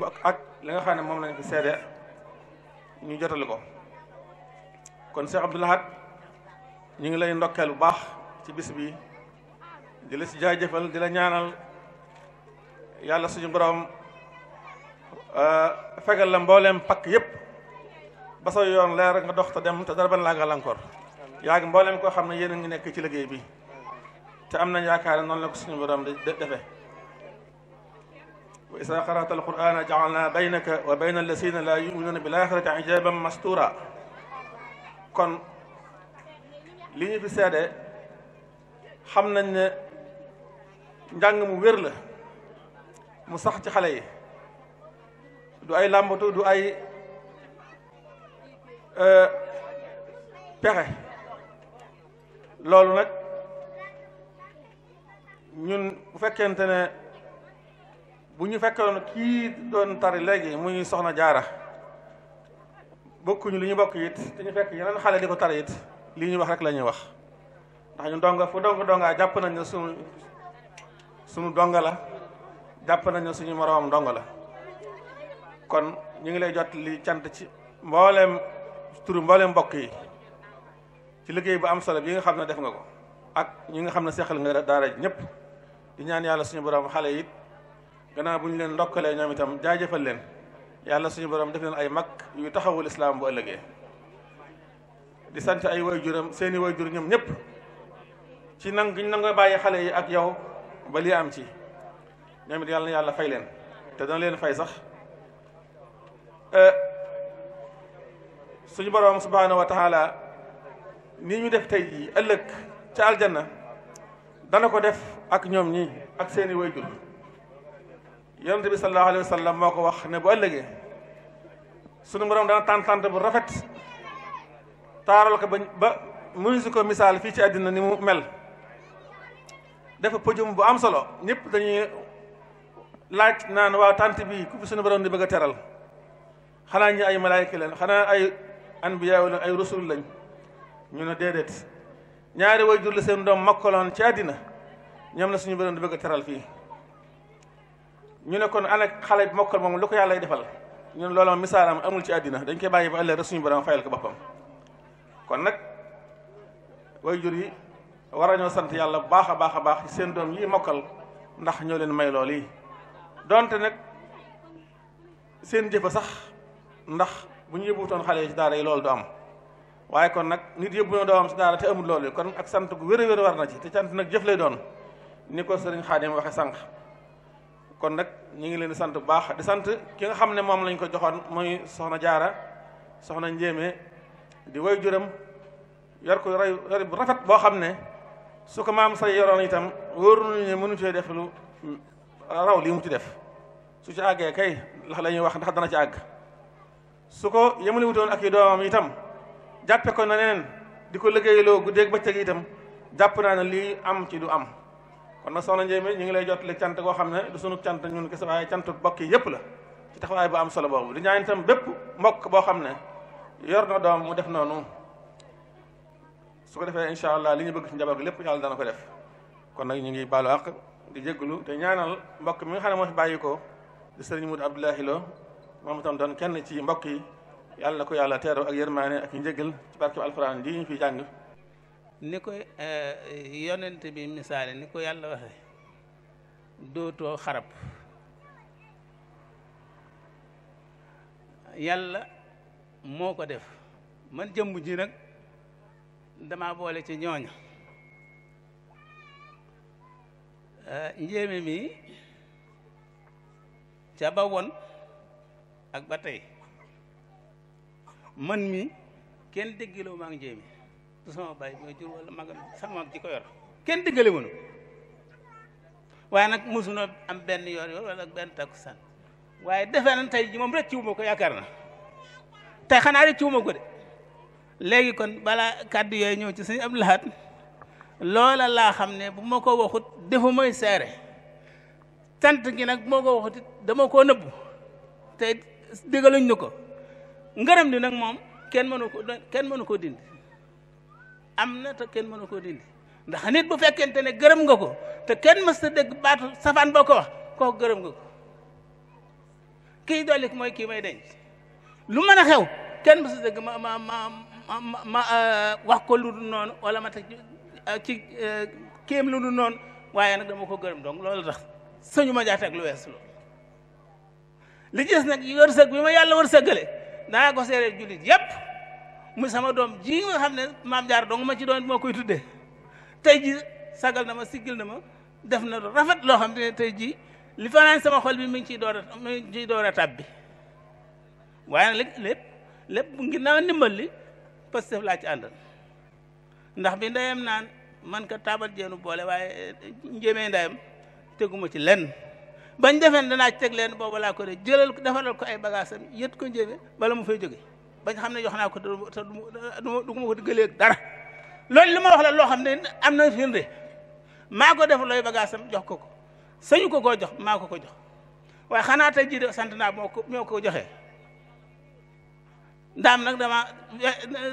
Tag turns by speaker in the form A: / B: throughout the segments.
A: ak li nga xam ne moom lañ fi seede ñu jotali ko kon Cheikh Abdou ñu ngi lay ndokkeel bu baax ci bis bi di la si jaajëfal di la ñaanal yàlla suñu borom euh, fegal la mbooleem pakk yépp ba soo yoon leer nga dox te dem te dara ba laa gàllankoor yaa ngi mbooleem koo xam ne yéen a ngi nekk ci liggéey bi te am nañ yaakaar ne noonu la ko suñu borom di defee wa isa qara'ta alqur'ana ja'alna baynaka wa bayna allazina la yu'minuna bil akhirati hijaban mastura kon li ñu fi seede xam nañ ne njàng mu wér la mu sax ci xale yi du ay làmbatu du ay euh, pexe loolu nag ñun bu fekkente ne bu ñu fekkoon kii doon tari léegi muy soxna jaara bokkuñu li ñu bokk yit te ñu fekk yeneen xale di ko tari it lii ñu wax rek la ñuy wax ndax ñu donga fu dongaa jàpp nañ ne suñu suñu donga la jàpp nañ ne suñu moroomam donga la kon ñu ngi lay jot li cant ci mbooleem turu mbooleem mbokk yi ci liggéey bu am solo bi nga xam ne def nga ko ak ñu nga xam ne seexal nga daara ñëpp di ñaan yàlla suñu borom xale yit gannaaw bu ñu leen ndokkalee ñoom itam jaajëfal leen yàlla suñu boroom def leen ay mag yu taxawul islaam bu ëllëgee di sant ay way waajuram seeni way waajur ñoom ñëpp ci nang gi bàyyi xale yi ak yow ba lii am ci ñoom it yàlla yàlla fay leen te dana leen fay sax euh, suñu borom subhaanahu wa taala ni ñu def tey jii ëllëg ca aljanna dana ko def ak ñoom ñi ak seeni way waajur yonent bi sallallahu alayhi wa sallam moo ko wax ne bu ëllëgee sunu borom dana tàntante bu rafet taaral ko ba ba mënuñu ko misaal fii ci àddina ni mu mel dafa pëjum bu am solo ñëpp dañuy laaj naan waaw tànt bi ku fi sunu borom di bëgg a teral xanaa ñi ay malaayka leen xanaa ay anbiyaa leen ay rusul lañ ñu ne déedéet ñaari way jur seen doom makkaloon ci àddina ñoom na suñu borom di bëgg a teral fii ñu ne kon ana xale bi mokkal moom lu ko yàlla defal ñun loolu misaalam amul ci àddina dañ koy bàyyi ba ëllëg rek suñu borom fayal ko boppam kon nag jur yi war nañoo sant yàlla bu baax a baax a baax seen doom yi mokkal ndax ñoo leen may lool yi donte nag seen jëfa sax ndax bu ñu yóbbuutoon xale yi ci daara yi loolu du am waaye kon nag nit yóbbu na doomam ci daara te amul loolu yi kon ak sant gu wér a wér war na ci te sant nag jëf lay doon ni ko sëriñ Xaadim waxe sànq kon nag ñu ngi leen di sant bu baax di sant ki nga xam ne moom lañ ko joxoon muy soxna jaara soxna njéeme di way juram yar ko yor bu rafet boo xam ne su ko maam say yoroon itam wóor nañu ne mënu cee def lu raw lii mu ci def su ci àggee kay ndax la ñuy wax ndax dana ci àgg su ko yemale wutoon ak yi doomam itam jàppe ko na neen di ko liggéeyloo guddeeg bëccëg itam jàpp naa ne lii am ci du am kon ma soxna Ndiémé ñu ngi lay jot jottali cant goo xam ne du sunu cant ñun kese waaye cantu bokk yépp la ci taxawaay bu am solo boobu di ñaan itam bépp mbokk boo xam ne yor na doom mu def noonu su defee incha allah li ñu bëgg ci njaboot lépp yàlla dana ko def kon nag ñu ngi baalu àq di jégalu te ñaanal mbokk mi nga xam ne moo fi bàyyi ko di sëriñ Moudou Abdoulahi Lo moom itam doon kenn ci mbokk yi yàlla na ko yàlla teeroo ak yërmaane ak njëgal ci barke alxuraan ji ñu fi jàng.
B: ni ko eh, yonent bi misaale ni ko yàlla waxe dootoo xarab yàlla moo ko def man jëmb ji nag dama boole ci ñooña eh, njéeme mi ca ba woon ak ba tey man mi kenn déggiloo maa ngi du sama baay mooy jur wala magam sama mag ko yor kenn diggale mënu waaye nag mosunoo am benn yor yoor wala benn takkusaan waaye defee nañ tey ji moom rek ci ko yaakaar na tey xanaa rek ciwuma ko de léegi kon balaa kàddu yooyu ñëw ci sëñ Abdou Lahad loola laa xam ne bu ma ko waxut defu mooy seere cant gi nag moo ma ko waxut dama koo nëbbu te digaluñ nu ko ngërëm di nag moom kenn mënu ko kenn mënu koo dindi am na te kenn mënu koo dindi ndax nit bu fekkente ne gërëm nga ko te kenn mës dëgg dégg baatu safaan boo ko wax kooku gërëm nga ko kii dollik mooy kii may denc lu mën a xew kenn mës ta dégg ma ma ma ma euh, wax ko lu dul noonu wala ma teg ci euh, euh, kéem lu dul noonu waaye nag dama ko gërëm doom loolu tax sëñu ma jaate ak lu wees loolu li ci des nag wërsëg ma yàlla wërsëgale danaa ko seeree jullit yépp mu sama doom ji nga xam ne maam jaar dong ma ci doon moo koy tuddee tey ji sagal na ma siggil na ma def na rafet loo xam ne tey jii li fanaan sama xol bi mi ngi ciy door a mi ngi door a tàbbi waaye nag lépp lépp ngi nawa ndimbal li Pastef laa ci àndal ndax bi ndeyam naan man ka taabal jeenu boole waaye eh, njéemee ndeyam teguma ci lenn bañ defeen danaa ci teg leen boobu laa ko de jëlal ko defaral ko ay bagaasam yët ko njéeme bala mu fay jóge bañ xam ne yox naa ko te du ma ko diggalee ak dara loolu li ma wax la loo xam ne am na firnde maa ko def looy bagaasam jox ko ko sëñu ko ko jox maa ko ko jox waaye xanaa tey jii de sant naa moo ko moo ko joxe daam nag dama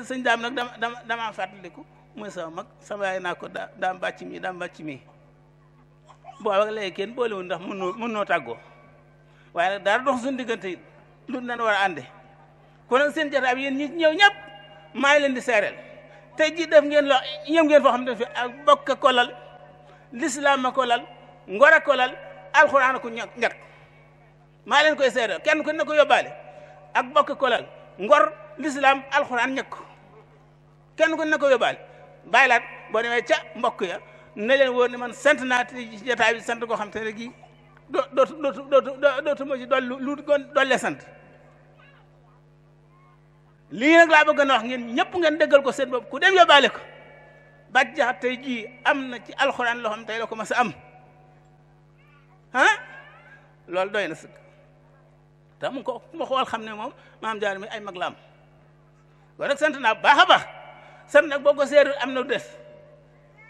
B: sëñ daam nag dama dama damaa fàttaliku mooy sama mag sama yaay naa ko da daam bàcc mi daam bàcc mi boo ak léegi kenn boolewul ndax mën noo mën waaye nag dara dox suñu diggante it lu nan war a ànde ku nag seen jataay bi yéen ñi ñëw ñëpp maa ngi leen di seereel tey jii def ngeen loo ñëw ngeen foo xam ne fi ak bokk ko lal lislaam a ko lal ngor a ko lal alxuraan maa leen koy seereel kenn ku ne ko yóbbaale ak bokk ko ngor lislaam alxuraan ñàkk kenn ku ne ko yóbbaale bàyyi laat boo demee ca mbokk ya ne leen wóor ne man sant naa te jataay bi sant koo xam te ne gii dootu dootu dootu dootu ci dolli lu dolle sant lii nag laa bëgg a wax ngeen ñëpp ngeen dëggal ko seen bopp ku dem yóbbaale ko Bathie Diakhaté tey jii am na ci alxuraan loo xam tey la ko mas am ah loolu doy na sëkk te mu xam ne moom maam mi ay mag la am loolu nag sant naa bu baax a baax sant nag boo ko seerul am na des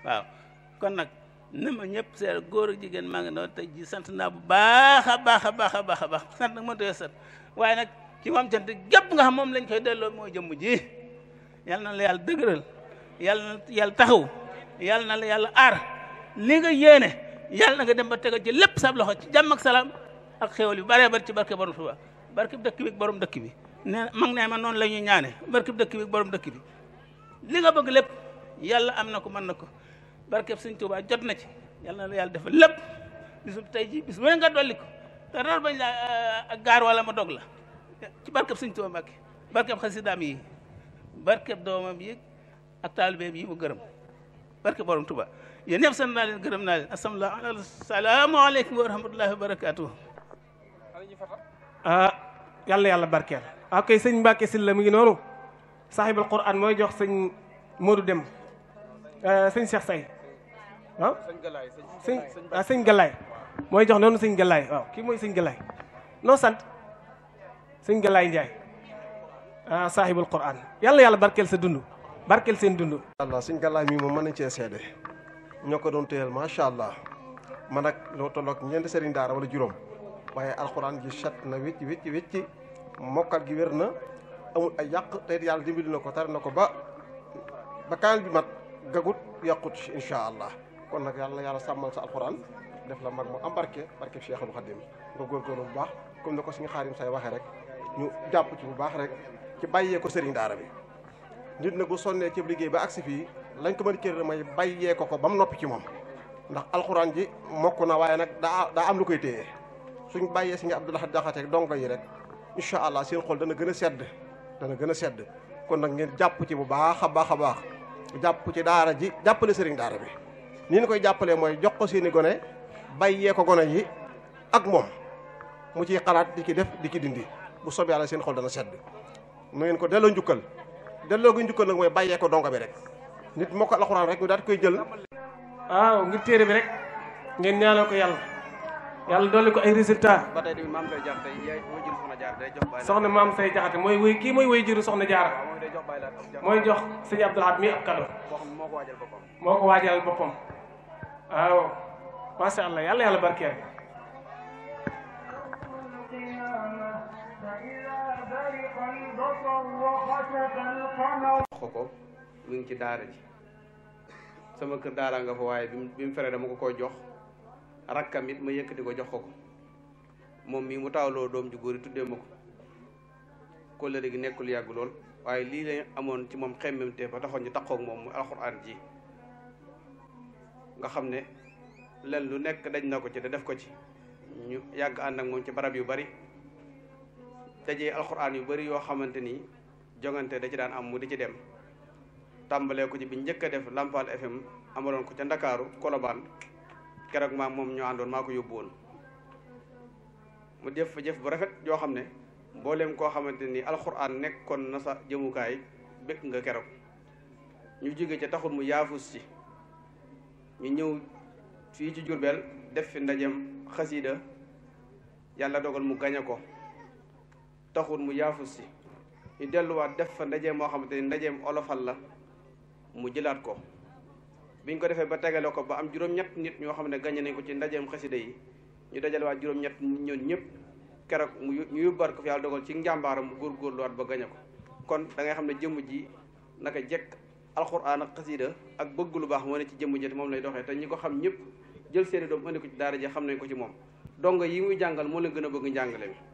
B: waaw kon nag ne ma ñëpp seer góor ak jigéen maa ngi doon tey jii sant naa bu baax a baax a baax a baax a baax sant nag mënut a sant waaye nag. ci moom cant gépp nga xam moom lañ koy delloo mooy jëmm ji yal na la yàlla dëgëral yal na yàlla taxaw yal na la yàlla aar li nga yéene yal na nga dem ba tegal ci lépp sab loxo ci jàmm ak salaam ak xéwal yu baree bari ci barke borom tuba barke dëkk bi borom dëkk bi nee mag nee ma noonu la ñuy ñaane barke dëkk bi borom dëkk bi li nga bëgg lépp yàlla am na ko mën na ko barke Sëñ Tuuba jot na ci yal na la yàlla defal lépp bisu tey ji bis wéy nga dolli ko te dara bañ la euh, gaar wala ma dog la ci barkeb sëñ Tuubaa Mbàkke barkeb xasidaam yi barkeb doomam yi ak taalibeem yi mu gërëm barke borom tuba yéen ñëpp sant naa leen gërëm naa leen asalaamaaleykum wa rahmatullahi wa barakaatuh
C: ah yàlla yàlla barkeel ah sëñ Mbàkke Sylla mu ngi noonu saaxibul Quraan mooy jox sëñ Modou Dem eh, sëñ Cheikh Say ah? sëñ ah, Galaay mooy jox noonu sëñ Galaay waaw kii mooy sëñ Galaay noo sant sëñ Galaay Njaay ah saahibul Qur'an yàlla yàlla barkeel sa dund barkeel seen dund. allah sëñ Galaay mi moom mën nañ cee seede ñoo ko doon téyel macha allah
D: man ak loo tolloog ñeenti sëriñ daara wala juróom waaye alxuraan gi set na wécc wécc wécc mokkal gi wér na amul ay yàq te yàlla dimbali na ko tar na ko ba ba kaamil bi mat gagut yàqut incha allah kon nag yàlla yàlla sàmmal sa alxuraan def la mag mu am barke Cheikhul Khadim nga góorgóorlu bu baax comme ni ko suñu xaarim say waxee rek. ñu jàpp ci bu baax rek ci bàyyee ko sëriñ daara bi nit nag bu sonnee ci liggéey ba agsi fii lañ ko mën cër mooy bàyyee ko ko ba mu noppi ci moom ndax alxuraan ji mokk na waaye nag daa daa am lu koy téye suñ bàyyee si nga Abdoulaye Jaxate ak yi rek incha allah seen xol dana gën a sedd dana gën a sedd kon nag ngeen jàpp ci bu baax a baax a baax jàpp ci daara ji jàppale sëriñ daara bi ni ñu koy jàppalee mooy jox ko seeni gone bàyyee ko gone yi ak moom mu ciy xalaat di ci def di ci dindi bu soobee la seen xol dana sedd nu ngeen ko delloo njukkal delloo gi njukkal nag mooy
C: bàyyee ko donga bi rek nit moo rek ñu koy jël waaw ngir téere bi rek ngeen ñaanal ko yàlla yàlla dolli ko ay résultat
E: ba tey tamit maam say jaxate yaay mooy jur soxna jaar day jox bàyyi
C: soxna maam say jaxate mooy kii mooy wéy juru soxna jaar mooy jox sëñ Abdou Lahad mii ab cadeau moo ko waajal boppam waaw macha allah yàlla yàlla barkeel
F: xo
E: ko mu ngi ci daara ji sama kër daara nga fa waaye bi mu feree dama ko koy jox rakkam it ma yëkkati ko jox ko ko moom mii mu taawloo doom ju góor yi tuddee ma ko kóllëre gi nekkul yàgg lool waaye lii lañ amoon ci moom xemmemte ba taxoon ñu takkook moom mu alxuraan ji nga xam ne len lu nekk daj na ko ci da def ko ci ñu yàgg ànd moom ci barab yu bari dajee alxuraan yu bari yoo xamante ni jongante da ci daan am mu di ci dem tàmbalee ko ci bi njëkk a def Lampal FM amaloon ko ca Ndakaaru Kolobaan keroog maa moom ñoo àndoon maa ko yóbbu woon mu def fa jëf bu rafet yoo xam ne mboolem koo xamante ni alxuraan nekkoon na sa jëmukaay bëgg nga keroog ñu jóge ca taxul mu yaafus ci ñu ñëw fii ci Jurbel def fi ndajem xasiida yàlla dogal mu gañe ko taxul mu yaafus si ñu delluwaat def fa ndajee moo xamante ni ndajeem olofal la mu jëlaat ko bi ñu ko defee ba tegale ko ba am juróom-ñett nit ñoo xam ne gañe nañ ko ci ndajeem xasida yi ñu dajalewaat juróom-ñett ñoon ñëpp keroog mu ñu yóbbaat ko fi yàlla dogal ci njàmbaaram mu góorgóorluwaat ba gañe ko kon da ngay xam ne jëmm ji naka jekk alxuraan ak xasida ak bëgg lu baax moo ne ci jëm ji te moom lay doxee te ñu ko xam ñëpp jël seeni doom andi ko ci daara xam nañ ko ci moom dongo yi muy jàngal moo leen gën a bëgg njàngale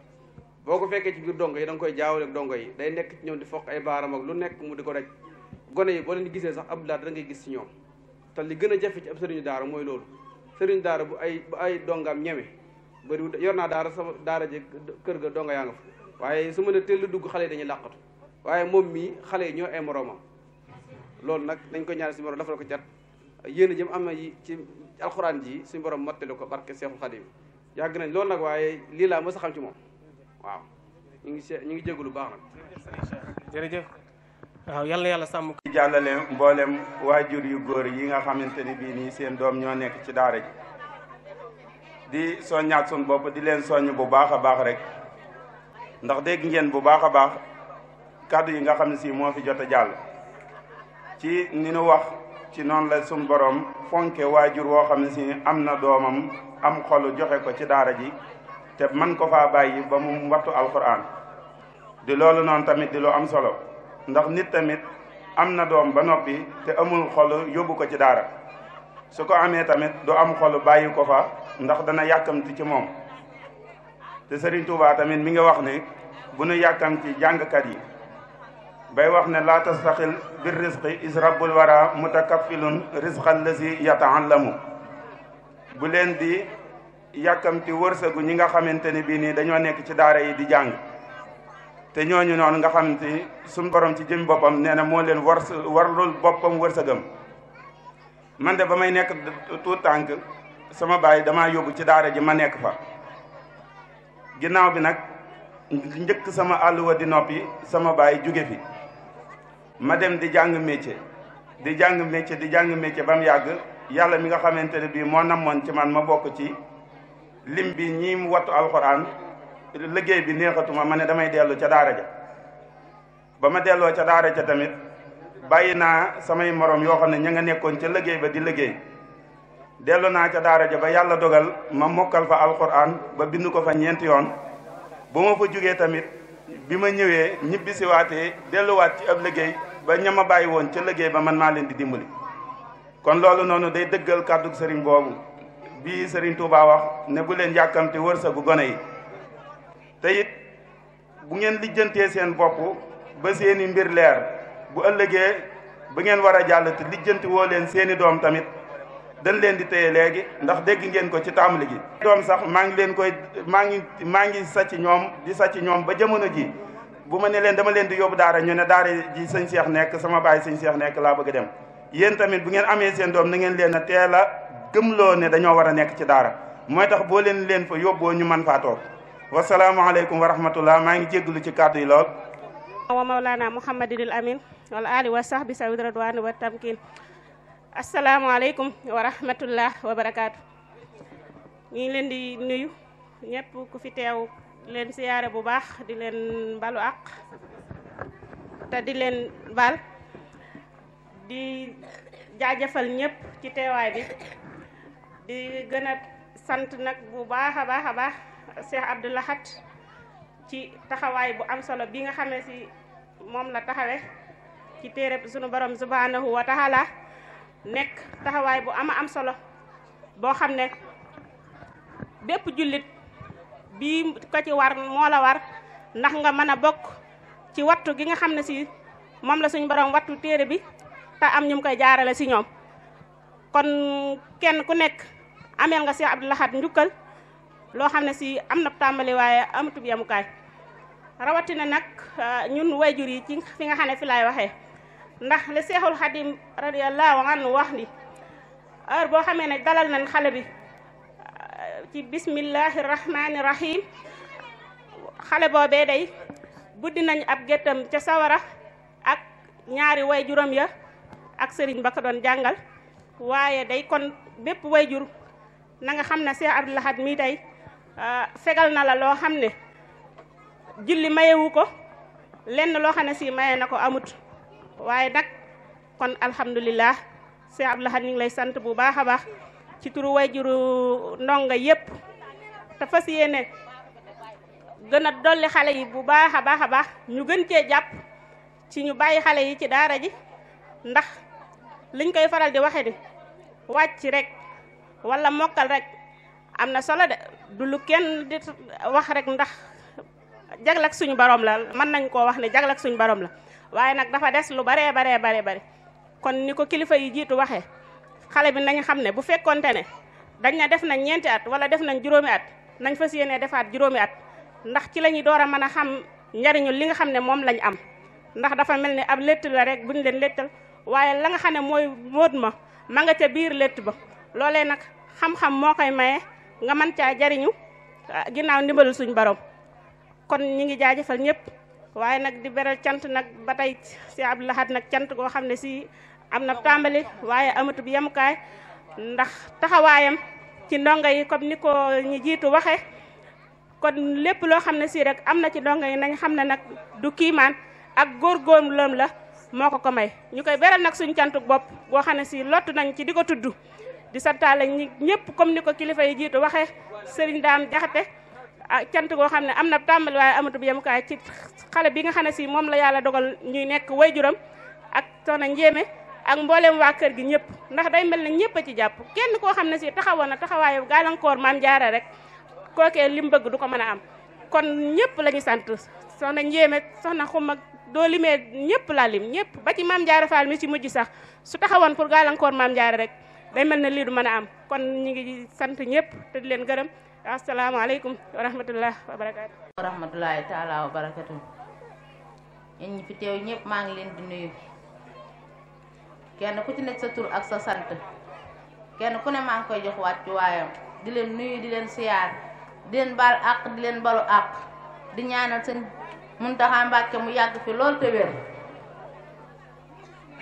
E: boo ko fekkee ci biir dongo yi danga koy jaawale ak dongo yi day nekk ci ñoom di foq ay baaram ak lu nekk mu di ko daj gone yi boo leen gisee sax ab laat da ngay gis ci ñoom te li gën a jafe ci ab sëriñu daara mooy loolu sëriñu daara bu ay ay dongaam ñeme bëriwul yor naa daara sama daara je kër ga donga yaa nga fa waaye su ma ne teel dugg xale dañuy làqatu waaye moom mii xale yi ñoo ay moroomam loolu nag dañ ko ñaan si moroom dafa ko cat yéen a jëm am na yi ci alxuraan ji suñu borom mottali ko barke Seexul Xadim yàgg nañ loolu nag waaye lii laa mës a xam ci moom waaw ñu ngi se ñu ngi jégalu baax nag
F: jërëjëf waaw yàlla yàlla sàmm ko jàllale mboolem waajur yu góor yi nga xamante ni bii nii seen doom ñoo nekk ci daara ji di soññaat sun bopp di leen soññ bu baax a baax rek ndax dégg ngeen bu baax a baax kàddu yi nga xam ne si moo fi jot a jàll ci ni nu wax ci noonu la sun borom fonke waajur woo xam ne si am na doomam am xolu joxe ko ci daara ji te man ko faa bàyyi ba mu wattu alxuraan di loolu noonu tamit di lu am solo ndax nit tamit am na doom ba noppi te amul xolu yóbbu ko ci daara su ko amee tamit du am xolu bàyyi ko fa ndax dana yàkkamti ci moom te Serigne Touba tamit mi nga wax ne bu nu yàkkamti jàngkat yi bay wax ne laata tastaxil bir risqi is rabbul wara mutakaffilun risqa allazi yataallamu bu leen di yàkkamti wërsëgu ñi nga xamante ni bii nii dañoo nekk ci daara yi di jàng te ñoo ñooñu noonu nga xam te suñ borom ci jëm boppam nee na moo leen war warlul boppam wërsëgam man de ba may nekk tuut tànk sama baay damaa yóbbu ci daara ji ma nekk fa ginnaaw bi nag njëkk sama àlluwa di noppi sama baay jóge fi ma dem di jàng métier di jàng métier di jàng métier ba mu yàgg yàlla mi nga xamante ne bii moo namoon ci man ma bokk ci lim bi ñii mu wattu alxuraan liggéey bi neexatuma ma ne damay dellu ca daara ja ba ma delloo ca daara ja tamit bàyyi naa samay morom yoo xam ne ñu nga nekkoon ca liggéey ba di liggéey dellu naa ca daara ja ba yàlla dogal ma mokkal fa alxuraan ba bind ko fa ñeenti yoon bu ma fa jógee tamit bi ma ñëwee ñibbisiwaate delluwaat ci ab liggéey ba ña ma bàyyi woon ca liggéey ba man maa leen di dimbali kon loolu noonu day dëggal kàddu sëriñ boobu bii Serigne Touba wax ne bu leen yàkkamte wërsëgu gone yi te bu ngeen lijjantee seen bopp ba seeni mbir leer bu ëllëgee ba ngeen war a jàll te lijjanti woo leen seeni doom tamit dan leen di teye léegi ndax dégg ngeen ko ci tàmbali gi doom sax maa ngi leen koy maa ngi maa ngi sàcc ñoom di sàcc ñoom ba jamono ji bu ma ne leen dama leen di yóbbu daara ñu ne daara ji sañ Cheikh nekk sama baay sëñ Cheikh nekk laa bëgg a dem yéen tamit bu ngeen amee seen doom gëmloo ne dañoo war a nekk ci daara mooy tax boo leen leen fa yóbboo ñu man faa toog wasalaamaaleykum wa rahmatullah maa ngi jégalu ci kàddu yi lool
G: wa mawlana muhammadinil amin wala ali wa sahbi sawid radwani wa tamkin asalaamaaleykum wa ngi leen di nuyu ñëpp ku fi teew leen siyaare bu baax di leen balu àq te di leen bal di jaajëfal ñëpp ci teewaay bi di gën a sant nag bu baax a baax a baax Cheikh Abdou ci taxawaay bu am solo bi nga xamee si moom la taxawe ci téere bi téereb sunu borom subhanahu wa taala nekk taxawaay bu ama am solo boo xam ne bépp jullit bii ko ci war moo la war ndax nga mën a bokk ci wattu gi nga xam ne si moom la suñu baram wattu téere bi te am ñu koy jaarale si ñoom kon kenn ku nekk ameel nga si Abdou Lahad njukkal loo xam ne si am na tàmbali waaye amatub yamukaay rawatina nag euh, ñun way jur yi ci fi nga xam ne fi lay waxee ndax li Seexul Xadim radiyallahu anhu wax ni heure boo xamee ne dalal nañ xale bi euh, ci bismillahi rahmani rahim xale boobee day buddi nañ ab géttam ca sawara ak ñaari way juróom ya ak sëriñ ba ko doon jàngal waaye day kon bépp way jur nanga xam ne Cheikh Abdoul Ahad mii tey ah, fegal na la loo xam ne julli mayewu ko lenn loo xam ne si maye na ko amut waaye nag kon alhamdulilah Cheikh ab Ahad ñu lay sant bu baax a baax ci turu wayjuru ndongo yépp te fas yéene gën a dolli xale yi bu baax a baax a baax ñu gën cee jàpp ci ñu bàyyi xale yi ci daara ji ndax liñ koy faral di waxe ni wàcc rek walla mokkal rek am na solo de du lu kenn di wax rek ndax jaglak suñu borom la mën nañ koo wax ne jaglak suñu borom la waaye nag dafa des lu baree baree baree bare kon ni ko kilifa yi jiitu waxee xale bi nañ xam ne bu fekkonte ne dañ na def nañ ñeenti at wala def nañ juróomi at nañ fas yéenee defaat juróomi at ndax ci la ñuy door a mën a xam njariñu li nga xam ne moom lañ am ndax dafa mel ni ab léttal la rek buñ leen léttal waaye la nga xam ne mooy móot ma ma nga ca biir létt ba loole nag xam-xam moo koy maye nga mën caa jariñu ah, ginnaaw ndimbalul suñ borom kon ñi ngi jaajëfal ñëpp waaye nag di beral cant nag ba tey si ab Lahad nag cant goo xam ne si am na tàmbali waaye amatu bi yemukaay ndax taxawaayam ci ndonga yi comme ni ko ñi jiitu waxe kon lépp loo xam ne sii rek am na ci ndongo yi nañ xam ne nag du kiimaan ak góorgóorlu la moo ko ko may ñu koy beral nag suñ cantuk bopp boo xam ne si nañ ci di ko tudd di santaale ñi ñëpp comme ni ko kilifa yi jiitu waxee sëriñ daam jaxate cant goo xam ne am na tàmbali waaye amatu bu yemukaay ci xale bi nga xam ne si moom la yàlla dogal ñuy nekk way wayjuram ak soxna njéeme ak mbooleem waa kër gi ñëpp ndax day mel na ñëpp ci jàpp kenn koo xam ne si taxawoon na taxawaayu gàllankoor maam jaara rek kookee li mu bëgg du ko mën a am kon ñëpp la doo limee ñëpp laa lim ñëpp ba ci maam Jaara Faal mi ci mujj sax su taxawoon pour gàllankoor maam Jaara rek day mel ne lii du mën a am kon ñu ngi sant ñëpp te di leen gërëm asalaamaaleykum wa rahmatullah wa barakaatu wa rahmatullahi taala barakatu yéen ñi fi teew ñëpp maa ngi leen di nuyu
H: kenn ku ci nekk sa tur ak sa sant kenn ku ne maa ngi koy jox wàccu waayam di leen nuyu di leen siyaar di leen baal àq di leen balu àq di ñaanal seen Muntaxa Mbàkke mu yàgg fi lool te wér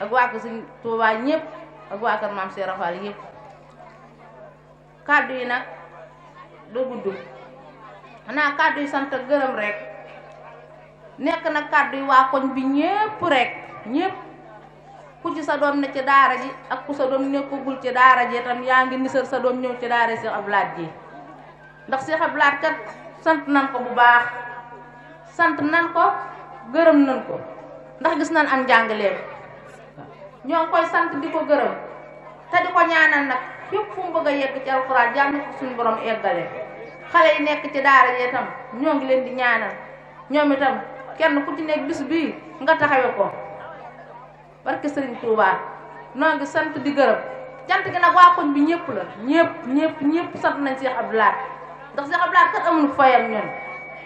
H: ak waa kër Sëñ Tuubaa ñëpp ak waa kër Maam Cheikh Rafal yëpp kàddu yi nag du gudd xanaa kàddu yi sant ak gërëm rek nekk na kàddu yi waa koñ bi ñépp rek ñépp ku ci sa doom ne ci daara ji ak ku sa doom nekkagul ci daara ji itam yaa ngi nisar sa doom ñëw ci daara Cheikh Abdou Lahad ji ndax Cheikh Abdou kat sant nan ko bu baax sant nañ ko gërëm nañ ko ndax gis nañ am njàngaleem ñoo ngi koy sant di ko gërëm te di ko ñaanal nag fépp fu mu bëgg a yegg ci alxuraan jàmm ko suñu borom eggale xale yi nekk ci daara yi itam ñoo ngi leen di ñaanal ñoom itam kenn ku ci nekk bis bii nga taxawe ko barke sëriñ Tuubaa noo ngi sant di gërëm cant gi nag waa koñ bi ñëpp la ñëpp ñëpp ñëpp sant nañ si Abdou Lahad ndax Cheikh Abdou Lahad kat amuñu fayam ñun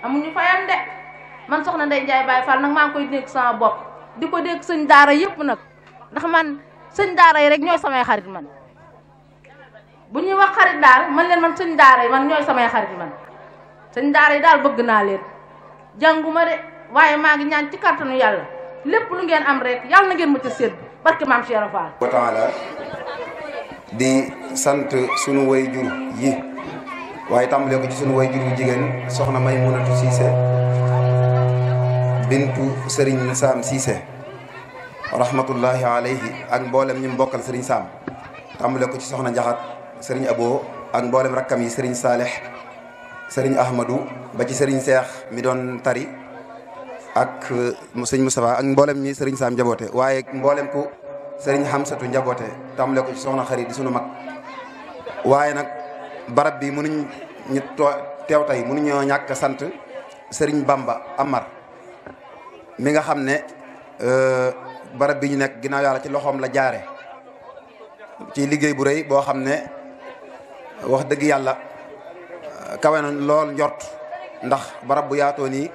H: amuñu fayam de man soxna Ndeye Ndiaye Baye Fall nag maa ngi koy dégg sama bopp di ko dégg sëñ daara yëpp nag ndax man sëñ daara yi rek ñooy samay xarit man bu ñuy wax xarit daal man leen man sëñ daara yi man ñooy samay xarit man sëñ daara yi daal bëgg naa leen jànguma de waaye maa ngi ñaan ci kàttanu yàlla lépp lu ngeen am rek yàlla na ngeen ma ca sédd barke maam Cheikh Fall
I: wa di sant sunu way jur yi waaye tàmbalee ko ci sunu way jur yu jigéen soxna Maymunatu Siise bintu Serigne Sam Cissé rahmatullahi alayhi ak mboolem ñu mbokkal Serigne Sam tàmbale ko ci soxna Jaxat Serigne Abo ak mboolem rakkam yi Serigne Saleh Serigne Ahmadou ba ci Serigne Seex mi doon tari ak euh, sëñ Moustapha ak mboolem ñi Serigne Sam njaboote waaye mboolem ku Serigne Hamsatu njaboote tàmbale ko ci soxna xarit di sunu mag waaye nag barab bi mënuñ ñu teew tey mënuñoo ñàkk sant Serigne Bamba Amar mi nga xam ne euh, barab bi ñu nekk ginnaaw yàlla ci loxoom la jaare ci liggéey bu rëy boo xam ne wax dëgg yàlla euh, kawe na lool njort ndax barab bu yaatoo nii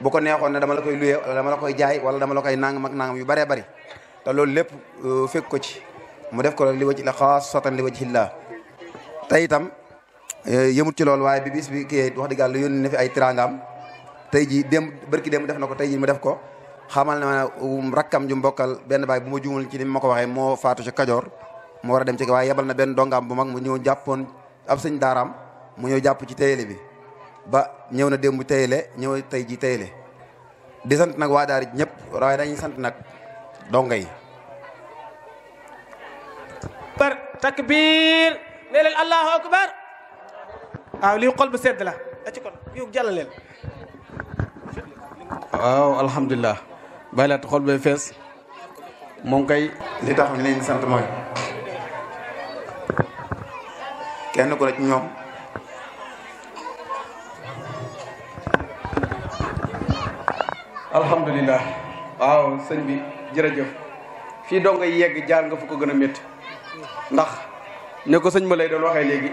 I: bu ko neexoon ne dama la koy luye wala dama la koy jaay wala dama la koy nangam ak nangam yu bare bari te loolu lépp euh, fekk ko ci mu def ko rek li waj la xaasatan li wajhillah te itam yëmut ci loolu waaye bi bis bi kii wax dëgg yàlla yónni fi ay tiraangaam tey jii dem barki dem def na ko tey jii mu def ko xamal na rakkam ju mbokkal benn baay bu ma juumul ci ma ko waxee moo faato ci Kajoor moo war dem ci waaye yebal na benn dongaam bu mag mu ñëw jàppoon ab sëñ daaraam mu ñëw jàpp ci teyale bi ba ñëw na démb teyale ñëw tey ji teyale di sant nag waa daara ñëpp waaye dañuy sant nag donga yi
C: akbar takbir ne leen allahu akbar waaw lii xol bu sedd la da ci kon yu
E: waaw alhamdulilah bàyyi laat xol bee fees moom kay
I: li tax ñu leen sant mooy kenn ñoom
E: alhamdulilah waaw sëñ bi jërëjëf fii doo ngay yegg jaar nga fu ko gën a métti ndax ne ko sëñ ma lay doon waxee léegi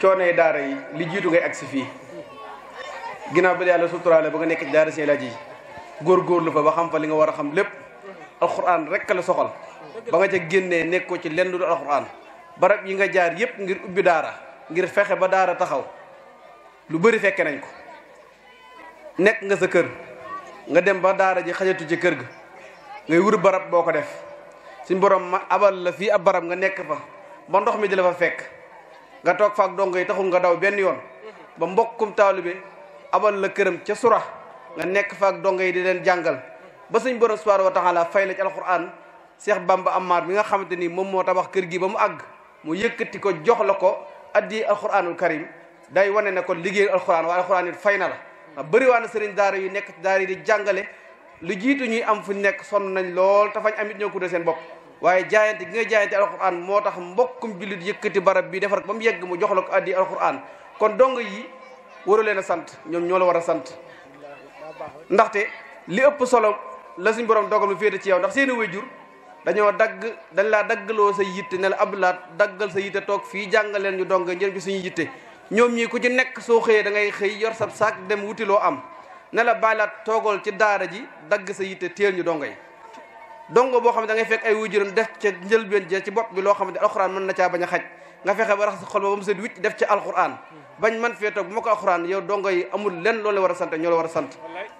E: coonee daara yi li jiitu ngay agsi fii ginnaaw bi yàlla suturaale ba nga nekk ci daara seen laaj yi góorgóorlu fa ba xam fa li nga war a xam lépp alxuraan rekk la soxal ba nga ca génnee nekkoo ci lenn du alxuraan barab yi nga jaar yépp ngir ubbi daara ngir fexe ba daara taxaw lu bari fekke nañ ko nekk nga sa kër nga dem ba daara ji xajatu ci kër gi ngay wur barab boo ko def suñ borom ma abal la fii ab barab nga nekk fa ba ndox mi di la fa fekk nga toog faak dongo yi taxul nga daw benn yoon abal la këram ca sura nga nekk fa ak dongo yi di leen jàngal ba suñ borom subhanahu wa taala fay la ci alquran Cheikh Bamba Amar bi nga xamante ni moom moo tabax kër gi ba mu àgg mu yëkkati ko jox la ko addi alquranul karim day wane ne kon liggéey alquran waaye alquran fay na la ndax bëriwaa na sëriñ daara yu nekk ci daara yi di jàngale lu jiitu ñuy am fuñ nekk sonn nañ lool te fañ amit ñoo kuddee seen bopp waaye jaayante gi nga jaayante alquran moo tax mbokkum jullit yëkkati barab bi defar ba mu yegg mu jox la ko addi alquran kon dong yi waru leen a sant ñoom ñoo la war a sant ndaxte li ëpp solo la suñ borom dogal mu féete ci yow ndax seen i wéjur dañoo dagg dañ laa daggaloo sa yitte ne la abdulaat daggal sa yitte toog fii jàngal leen ñu dong njëriñ bi suñu yitte ñoom ñii ku ci nekk soo xëyee da ngay xëy yor sab saak dem wuti loo am ne la bàyyilaat toogal ci daara ji dagg sa yitte téel ñu dongo yi dongo boo xam ne da ngay fekk ay wujuram def ca njëlbeen ja ci bopp bi loo xam ne alxuraan mën na caa bañ a xaj nga fexe ba raxas set wicc def ci alxuraan bañ man fee toog bu ma ko alxuraan yow dongo yi amul lenn loolu la war a sant ñoo la war a sant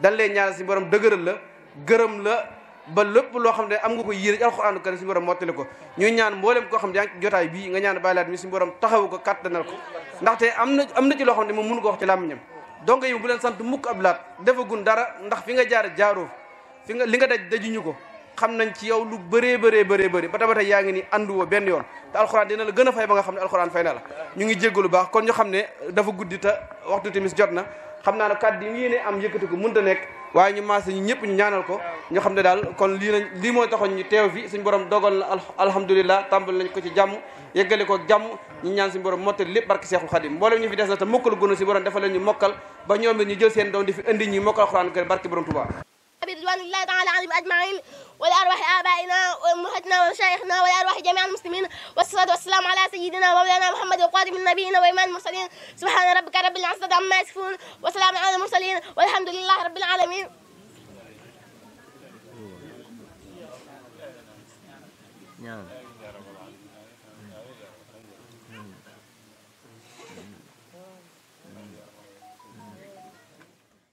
E: dañ lay ñaanal si borom dëgëral la gërëm la ba lépp loo xam ne am nga ko yéene ci alxuraan kan suñu borom mottali ko ñuy ñaan mboolem koo xam ne yaa ngi jotaay bii nga ñaan bàyyi laat mi suñu borom taxawu ko kàttanal ko ndaxte am na am na ci loo xam ne moom mënu ko wax ci làmmiñam dongo yi bu leen sant mukk ab laat defagun dara ndax fi nga jaar jaaroo fi nga li nga daj dajuñu ko xam nañ ci yow lu bëree bëree bëree bëri ba tabatay yaa ngi ni anduwoo benn yoon te alxuraan dina la gën a fay ba nga xam ne alxuraan fay na la ñu ngi jéggalu baax kon ñu xam ne dafa guddi te waxtu timis jot na xam naa ne kàddu yi mu ko nekk waaye ñu maase ñaanal ko ñu xam ne daal kon lii nañ lii mooy taxoon ñu teew fi suñ borom dogal na alhamdulilah tàmbali nañ ko ci jàmm yeggale ko jàmm ñu ñaan suñ borom mottali lépp barke Seexul Xadim mboolem ñu fi des na te mokkal gënu si borom dafa leen ñu mokkal ba ñoom ñu jël seen doom di mokkal alxuraan barke borom Tuubaa
H: الكبير رضوان الله تعالى عليهم أجمعين ولأرواح آبائنا وأمهاتنا ومشايخنا ولأرواح جميع المسلمين والصلاة والسلام على سيدنا ومولانا محمد وقادم النبيين وإمام المرسلين سبحان ربك رب العزة عما يصفون وسلام على المرسلين والحمد لله رب العالمين
G: نعم